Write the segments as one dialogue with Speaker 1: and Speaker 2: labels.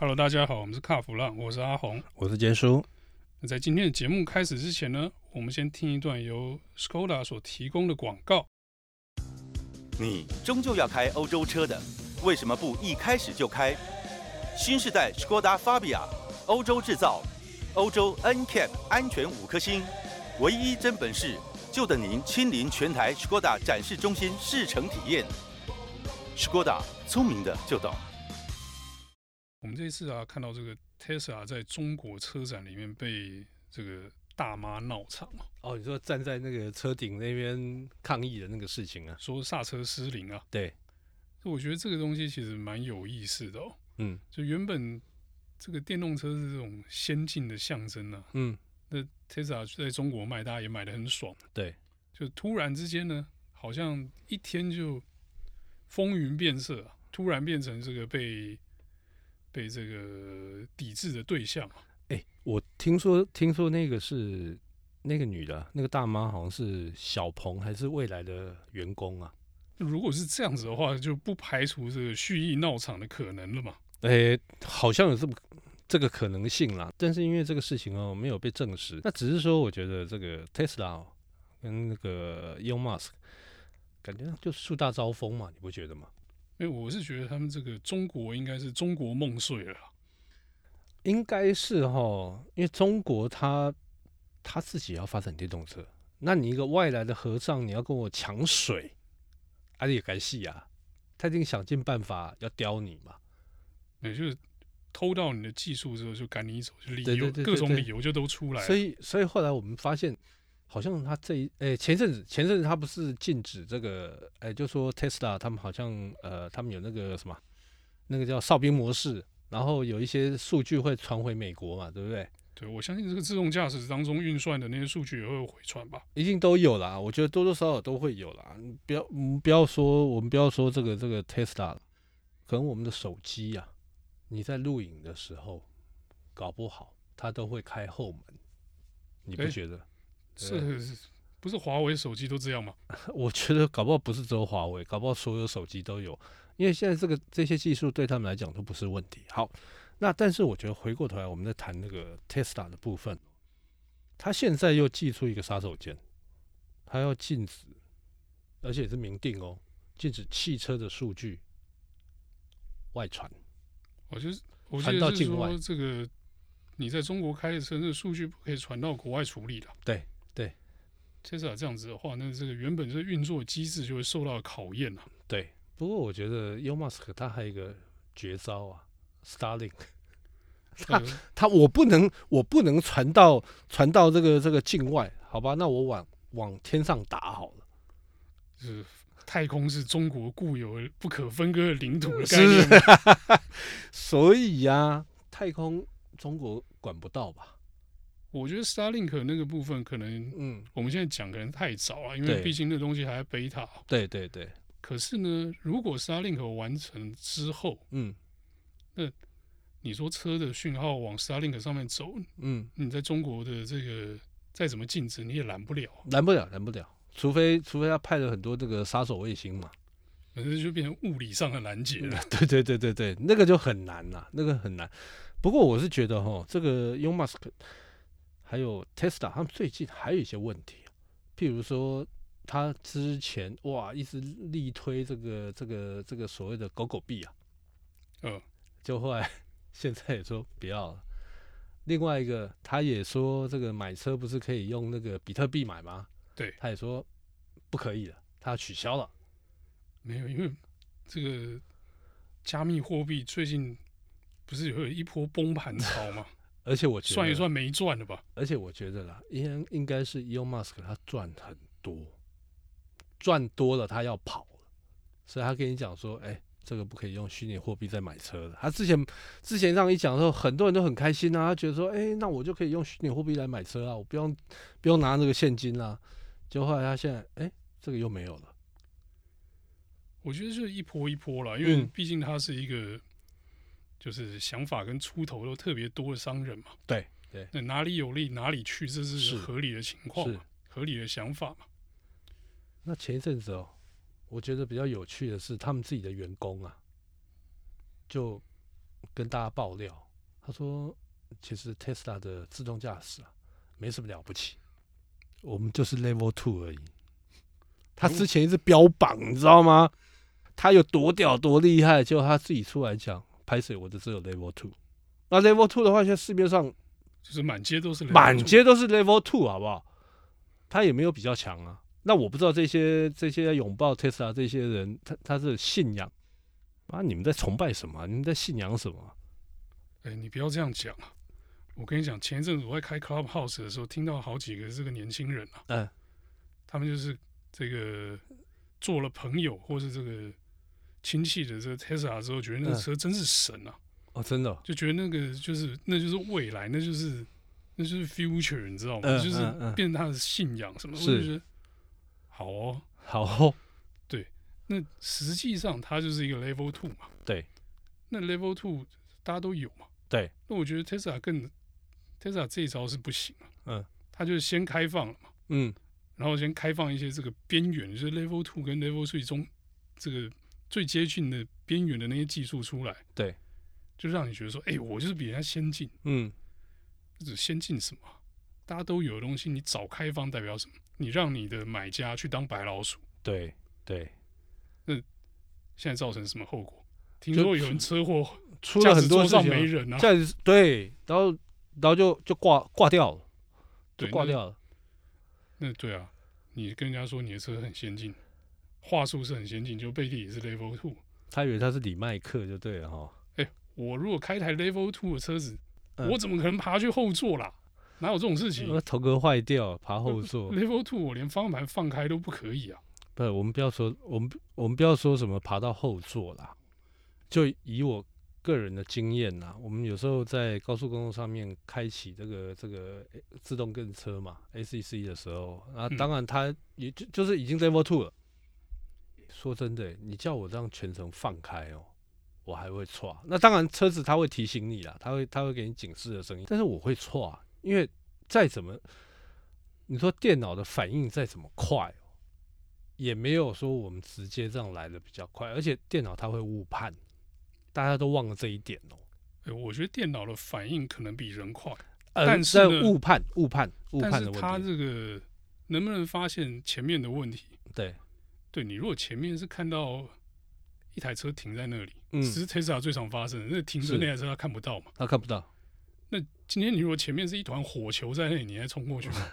Speaker 1: Hello，大家好，我們是卡弗朗，我是阿紅，我是傑叔。那在今天的節目開始之前呢，我們先聽一段由 Skoda 所提供的廣告。
Speaker 2: 你終究要開歐洲車的，為什麼不一開始就開新世代 Skoda Fabia？歐洲製造，歐洲 NCAP 安全五顆星，唯一真本事就等您親臨全台 Skoda 展示中心試乘體驗。Skoda 聰明的就懂。
Speaker 1: 我們這次啊，看到這個 Tesla 在中國車展裡面被這個大媽鬧場哦。
Speaker 2: 哦，你說站在那個車頂那邊抗議的那個事情啊，說剎車
Speaker 1: 失靈啊。對，我覺得這個東西其實蠻有意思的。哦。嗯，就原本這個電動車是這種先進的象徵啊。嗯，那 Tesla 在中國賣，大家也買得很爽。對，就突然之間呢，好像一天就風雲變色啊，突然變成這個被。被這個抵制的對象嘛？
Speaker 2: 哎、欸，我聽說，聽說那個是那個女的、啊，那個大媽好像是小鵬還是蔚來的員工啊？
Speaker 1: 如果是這樣子的話，就不排除這個蓄意鬧場的可能了嘛？
Speaker 2: 哎、欸，好像有這麼這個可能性啦，但是因為這個事情哦、喔、沒有被證實，那只是說我覺得這個 Tesla、喔、跟那個 Elon Musk，感覺就樹大招風嘛，你不覺得嗎？
Speaker 1: 因為我是覺得他們這個中國應該是中國夢碎了，
Speaker 2: 應該是哈，因為中國他他自己也要發展電動車，那你一個外來的和尚，你要跟我搶水，還有干係啊？他已經想盡辦法要刁你嘛，也、嗯欸、就是
Speaker 1: 偷到你的技術之後就趕你走，就理由對對對對對對對，各種理由就都出來。所以，
Speaker 2: 所以後來我們發現。好像他這一哎、欸、前陣子前陣子他不是禁止這個哎，欸、就說 Tesla 他們好像呃他們有那個什麼那個叫哨兵模式，然後有一些數據會傳回美國嘛，對不對？對，我相信這個自動駕駛當中運算的那些
Speaker 1: 數據也會回傳吧，
Speaker 2: 一定都有啦。我覺得多多少少都會有啦。不要不要說我們不要說這個這個 Tesla。可能我們的手機呀、啊，你在錄影的時候搞不好它都會開後門，你不覺得？欸是，不是華為手機都這樣嗎？ 我覺得搞不好不是只有華為，搞不好所有手機都有，因為現在這個這些技術對他們來講都不是問題。好，那但是我覺得回過頭來，我們在談那個 Tesla 的部分，他現在又祭出一個殺手鐧，他要禁止，而且是明定哦、喔，禁止汽車的數據外傳，就是。我覺得，傳到境外
Speaker 1: 這個，你在中國開的車，這數據不可以傳到國外處理的。對。特斯拉這樣子的話，那這個原本就是運作機制，就會受到考驗
Speaker 2: 了、啊。對，不過我覺得 Elon Musk 他還有一個絕招啊，Starlink 他、呃、他我不能我不能傳到傳到這個這個境外，好吧？那我往往天上打好了。是，太
Speaker 1: 空是中國固有
Speaker 2: 不可分割的領土的概念 是是、啊，所以呀、
Speaker 1: 啊，太空中國管不到吧？我覺得 Starlink 那個部分可能，嗯，我們現在講可能太早了，嗯、因為畢竟那個東西還在貝塔。對對對。可是呢，如果 Starlink 完成之後，嗯，那你說車的訊號往 Starlink 上面走，嗯，你在中國的這個再怎麼禁止，你也攔不了，
Speaker 2: 攔不了，攔不了，除非除非他派了很多這個殺手衛星嘛，
Speaker 1: 反正就變成物理上的攔截了、嗯。
Speaker 2: 對對對對對，那個就很難吶、啊，那個很難。不過我是覺得哈，這個 Elon Musk 還有 Tesla 他們最近還有一些問題、啊，譬如說，他之前哇一直力推這個這個這個所謂的狗狗幣啊，嗯、呃，就後來現在也說不要了。另外一個，他也說這個買車不是可以用那個比特幣買嗎？對，他也說不可以了，他要取消了。
Speaker 1: 沒有，因為這個加密貨幣最近不是有
Speaker 2: 一波崩盤潮嗎？ 而且我覺得算一算沒賺的吧。而且我覺得啦，應應該是 Elon Musk 他賺很多，賺多了他要跑了，所以他跟你講說，哎、欸，這個不可以用虛擬貨幣再買車的，他之前之前讓你講的時候，很多人都很開心啊，他覺得說，哎、欸，那我就可以用虛擬貨幣來買車啊，我不用不用拿那個現金，啊、就後來他現在，哎、欸，這個又沒有了。
Speaker 1: 我覺得就是一波一波了，因為畢竟他是一個。嗯就是想法跟出頭都特別多的商人嘛，對對，那哪裡有利哪裡去，這是個合理的情況嘛，合理的想法嘛。
Speaker 2: 那前一陣子哦，我覺得比較有趣的是，他們自己的員工啊，就跟大家爆料，他說：“其實 Tesla 的自動駕駛啊，沒什麼了不起，我們就是 Level Two 而已。”他之前一直標榜，嗯，你知道嗎？他有多屌多厲害，結果他自己出來講。拍攝，我就只有 level two。那 level two 的話，現在市面上就是滿街都是滿街都是 level two，好不好？他也沒有比較強啊。那我不知道這些這些擁抱 Tesla 這些人，他他是信仰啊？你們在崇拜什麼啊？你們在信仰什麼啊？
Speaker 1: 哎、欸，你不要這樣講啊！我跟你講，前一陣子我在開 clubhouse 的時候，聽到好幾個這個年輕人啊，嗯，他們就是這個做了朋友，或是這個。親戚的這個 Tesla 之後，覺得那個車真是神啊！
Speaker 2: 哦，真的，
Speaker 1: 就覺得那個就是那就是未來，那就是那就是 future，你知道嗎？嗯嗯嗯、就是變成他的信仰什麼，是我就覺得好哦，好哦，對。那實際上它就是一個 Level Two 嘛，對。那 Level Two 大家都有嘛，對。那我覺得 Tesla 更 Tesla 這一招是不行，嗯，它就是先開放了嘛，嗯，然後先開放一些這個邊緣，就是 Level Two 跟 Level Three 中這個。最接近的邊緣的那些技術出來，對，就讓你覺得說，哎、欸，我就是比人家先進，
Speaker 2: 嗯，
Speaker 1: 就是、先進什麼？大家都有的東西，你早開放代表什麼？你讓你的買家去當白老鼠，
Speaker 2: 對對，
Speaker 1: 那現在造成什麼後果？聽說有人車禍出了很多事情、啊，沒人啊，現
Speaker 2: 在對，然後然後就就掛掛掉了，對，掛掉了那。那對
Speaker 1: 啊，你跟人家說你的車很先進。話術是很先進，就背地也是 Level Two。
Speaker 2: 他以為他是李邁克就對了哈、哦。哎、
Speaker 1: 欸，我如果開台 Level Two 的車子、嗯，我怎麼可能爬去後座啦？
Speaker 2: 哪有這種事情？那頭殼壞掉爬後座？Level
Speaker 1: Two 我連方向盤放開都不可以啊！不，我
Speaker 2: 們不要說，我們我們不要說什麼爬到後座啦。就以我個人的經驗吶，我們有時候在高速公路上面開啟這個這個自動跟車嘛 （ACC） 的時候，那當然它也就、嗯、就是已經 Level Two 了。說真的，你叫我這樣全程放開哦、喔，我還會錯。那當然，車子它會提醒你啦，它會它會給你警示的聲音。但是我會錯，因為再怎麼你說電腦的反應再怎麼快哦、喔，也沒有說我們直接這樣來的比較快。而且電腦它會誤判，大家都忘了這一點哦、喔。欸，我覺
Speaker 1: 得電腦的反應可能比人快，但是誤判、誤判、誤判的問題。但是它這個能不能發現前面的問題？對。對你，如果前面是看到一台車停在那裡，嗯是，Tesla 最常發生的，那個、停車那台車他看不到嘛？他看不到。那今天你如果前面是一團火球在那裡，你還衝過去嗎？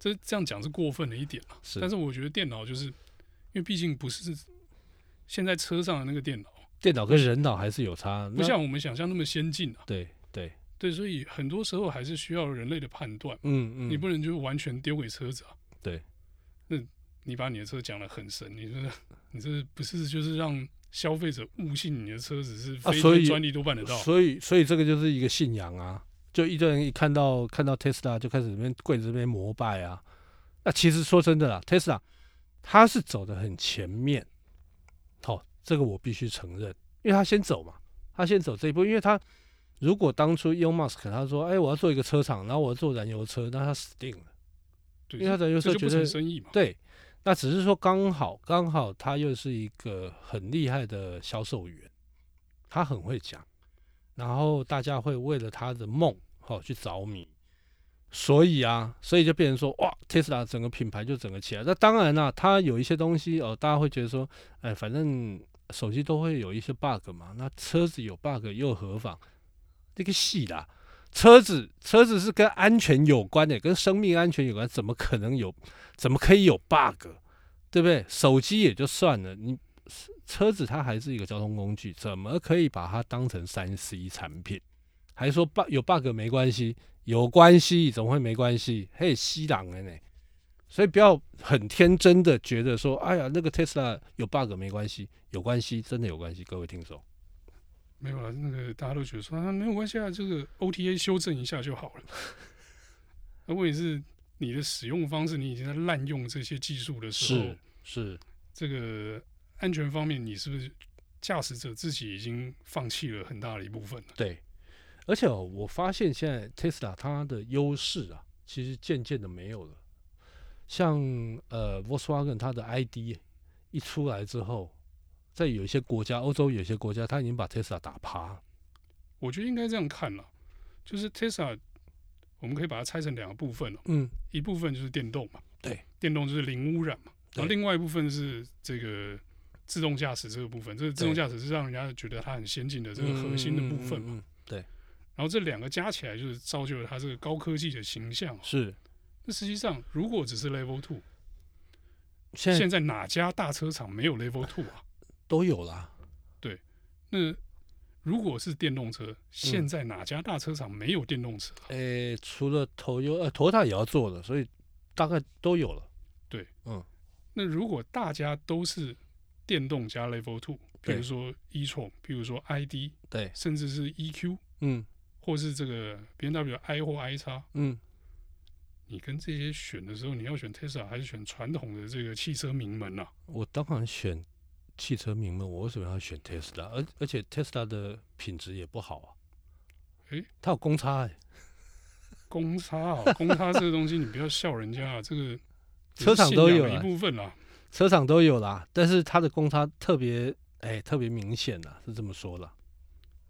Speaker 1: 這 這樣講是過分的一點嘛、啊？但是我覺得電腦就是因為畢竟不是現在車上的那個電腦，電腦跟人腦還是有差，不像我們想象那麼先進啊。對對對，所以很多時候還是需要人類的判斷。嗯嗯，你不能就完全丟給車子啊。對，那。你把你的車講的很神，你說、就是、你是不是就是讓消費者誤信你的車子是非啊，所以專利都辦得到，所以所
Speaker 2: 以這個就是一個信仰啊，就一堆人一看到看到 Tesla 就開始邊跪着邊膜拜啊。那、啊、其實說真的啦，Tesla 他是走的很前面，好、哦，這個我必須承認，因為他先走嘛，他先走這一步，因為他如果當初 Elon Musk 他說哎、欸、我要做一個車廠，然後我要做燃油車，那他死定了，對，因為他燃油車就就不是生意嘛，對。那只是說剛好剛好他又是一個很厲害的銷售員，他很會講，然後大家會為了他的夢好、哦、去着迷，所以啊，所以就變成說哇，Tesla 整個品牌就整個起來。那當然了、啊，它有一些東西哦，大家會覺得說，哎，反正手機都會有一些 bug 嘛，那車子有 bug 又何妨？這個戲啦。車子，車子是跟安全有關的，跟生命安全有關，怎麼可能有，怎麼可以有 bug，對不對？手機也就算了，你車子它還是一個交通工具，怎麼可以把它當成三 C 產品？還說 bug 有 bug 沒關係，有關係，怎麼會沒關係？嘿，稀朗的呢？所以不要很天真的覺得說，哎呀，那個 Tesla 有 bug 沒關係，有關係，真的有關係，各位聽眾。
Speaker 1: 沒有了，那個大家都覺得說、啊、沒有關係啊，這個 OTA 修正一下就好了。那問題是你的使用方式，你已經在濫用這些技術的時候，是、是，這個安全
Speaker 2: 方面，你是不是駕
Speaker 1: 駛者自己已經放棄了很大的一部分了？對，
Speaker 2: 而且、哦、我發現現在 Tesla 它的優勢啊，其實漸漸的沒有了。像呃，Volkswagen 它的 ID 一出來之後。在有一些國家，歐洲有一些國家，他已經把 Tesla 打趴。我覺得應該這
Speaker 1: 樣看了，就是 Tesla 我們可以把它拆成兩個部分了、喔。嗯，一部分就是電動嘛，對，電動就是零污染嘛。然後另外一部分是這個自動駕駛這個部分，這個自動駕駛是讓人家覺得它很先進的這個核心的部分嘛。嗯嗯嗯、對。然後這兩個加起來就是造就了它這個高科技的形象、喔。是。那實際上，如果只是 Level Two，現，現在哪家大車廠沒有 Level Two 啊？
Speaker 2: 都有了，對。
Speaker 1: 那如果是電動車，現在哪家大車廠沒有電動車？
Speaker 2: 誒、嗯欸，除了 Toyota、啊，呃，Toyota 也要做的，所以大概都有了。對，
Speaker 1: 嗯。那如果大家都是電動加 Level Two，比如說 E-Tron，比如說 ID，對，甚至是 EQ，嗯，或是這個 BMW I 或 IX，嗯。你跟這些選的時候，你要選 Tesla 還是選傳統的這個汽車名門呢、啊？
Speaker 2: 我當然選。汽車名門，我為什麼要選 Tesla 而而且 Tesla 的品質也不好啊。誒、欸，它有公差、欸。
Speaker 1: 公差、啊，公差這個東西，你不要笑人家、啊。 這個車廠都有一部分、啊、啦，
Speaker 2: 車廠都有啦，但是它的公差特別，誒、欸，特別明顯啦、啊。是這麼說啦、啊，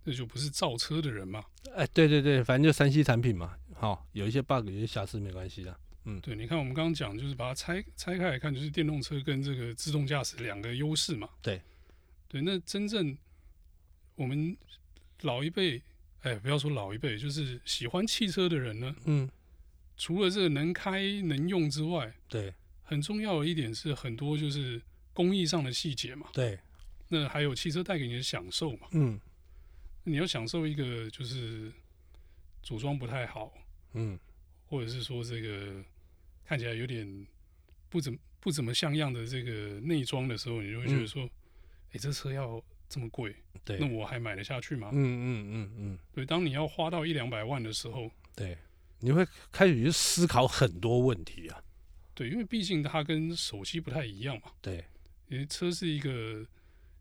Speaker 2: 這就不是造車的人嘛？誒、欸，對對對，反正就 3C 產品嘛，好，有一些 bug，有一些瑕疵沒關係的。嗯，對，你
Speaker 1: 看我們剛剛講，就是把它拆拆開來看，就是電動車跟這個自動駕駛兩個優勢嘛。對，對，那真正我們老一輩，哎，不要說老一輩，就是喜歡汽車的人呢，嗯，除了這個能開能用之外，對，很重要的一點是很多就是工藝上的細節嘛。對，那還有汽車帶給你的享受嘛。嗯，你要享受一個就是組裝不太好，嗯，或者是說這個。看起來有點不怎不怎麼像樣的這個內裝的時候，你就會覺得說，哎、嗯欸，這車要這麼貴，那我還買得下去嗎？嗯嗯嗯嗯。對，當你要花到一兩百萬的時候，
Speaker 2: 對，你會開始去思考很多問題
Speaker 1: 啊。對，因為畢竟它跟手機不太一樣嘛。對，因為車是一個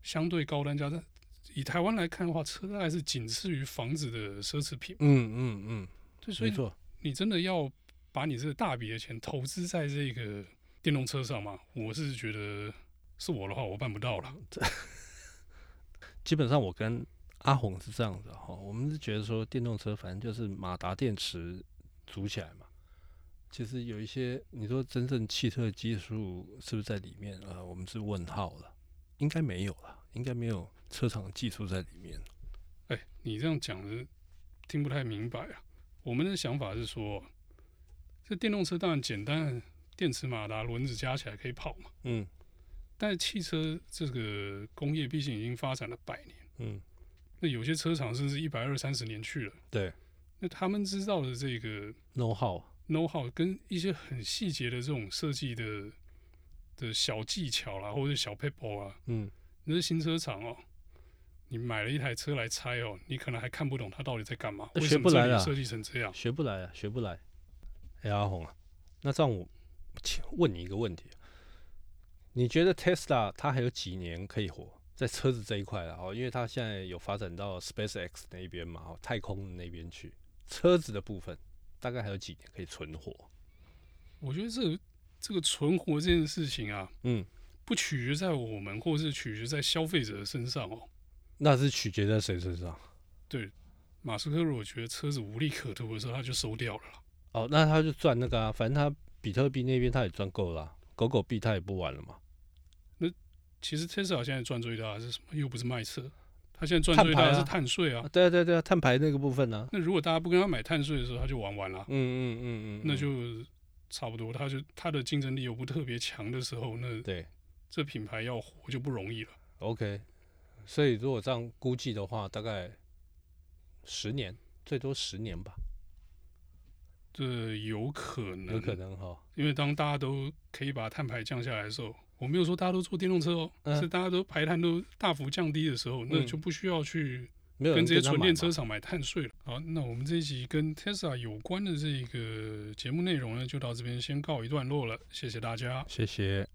Speaker 1: 相對高單價。但以台灣來看的話，車還是僅次於房子的奢侈品。嗯嗯
Speaker 2: 嗯。對，所以說
Speaker 1: 你真的要，把你這大筆的錢投資在這個電動車上嗎？我是覺得是我的話，我辦不到了。
Speaker 2: 基本上我跟阿紅是這樣的哈、哦，我們是覺得說電動車反正就是馬達電池組起來嘛。其實有一些你說真正汽車技術是不是在裡面啊、呃？我們是問號了，應該沒有了，應該沒有車廠技術在裡面。哎、欸，你這樣講的
Speaker 1: 聽不太明白啊。我們的想法是說。這電動車當然簡單，電池、馬達、輪子加起來可以跑嘛。嗯。但是汽車這個工業畢竟已經發展了百年。嗯。那有些車廠甚至一百二三十年去了。對。那他們知道的這個 know
Speaker 2: how，know
Speaker 1: how 跟一些很細節的這種設計的的小技巧啦，或者是小撇步啊，嗯，那是新車廠哦。你買了一台車來拆哦，你可能還看不懂它到底在幹
Speaker 2: 嘛。學不來啊。為什麼設計成這樣，學不來啊，學不來。哎、hey，阿紅啊，那這樣我請問你一個問題，你覺得 Tesla 它還有幾年可以活在車子這一塊啊？哦，因為它現在有發展到 SpaceX 那邊嘛，哦，太空那邊去，車子的部分大概還有幾年可以存活？
Speaker 1: 我覺得這這個存活這件事情啊，嗯，不取決在我們，或是取決在消費者的身上哦。
Speaker 2: 那是取決在誰身上？
Speaker 1: 對，馬斯克如果覺得車子無利可圖的時候，他就收掉了。
Speaker 2: 哦，那他就賺那個啊，反正他比特幣那邊他也賺夠了、啊，狗狗幣他也不玩了嘛。
Speaker 1: 那其實 Tesla 現在賺最大的是什麼？又不是賣車，他現在賺最大的是碳稅啊。碳
Speaker 2: 排啊，啊。對啊對啊，碳排那個部分呢、啊。
Speaker 1: 那如果大家不跟他買碳稅的時候，他就玩完了。嗯嗯嗯嗯，嗯，嗯。那就差不多，他就他的競爭力又不特別強的時候，那對這品牌要活就不容易
Speaker 2: 了。OK，所以如果這樣估計的話，大概十年最多十年吧。這有可能，有可能哈、哦。因
Speaker 1: 為當大家都可以把碳排降下來的時候，我沒有說大家都坐電動車哦，呃、是大家都排碳都大幅降低的時候，嗯、那就不需要去跟這些純電車廠買碳稅了。好，那我們這一期跟 Tesla 有關的這個節目內容呢，就到這邊先告一段落了。謝謝大家，
Speaker 2: 謝謝。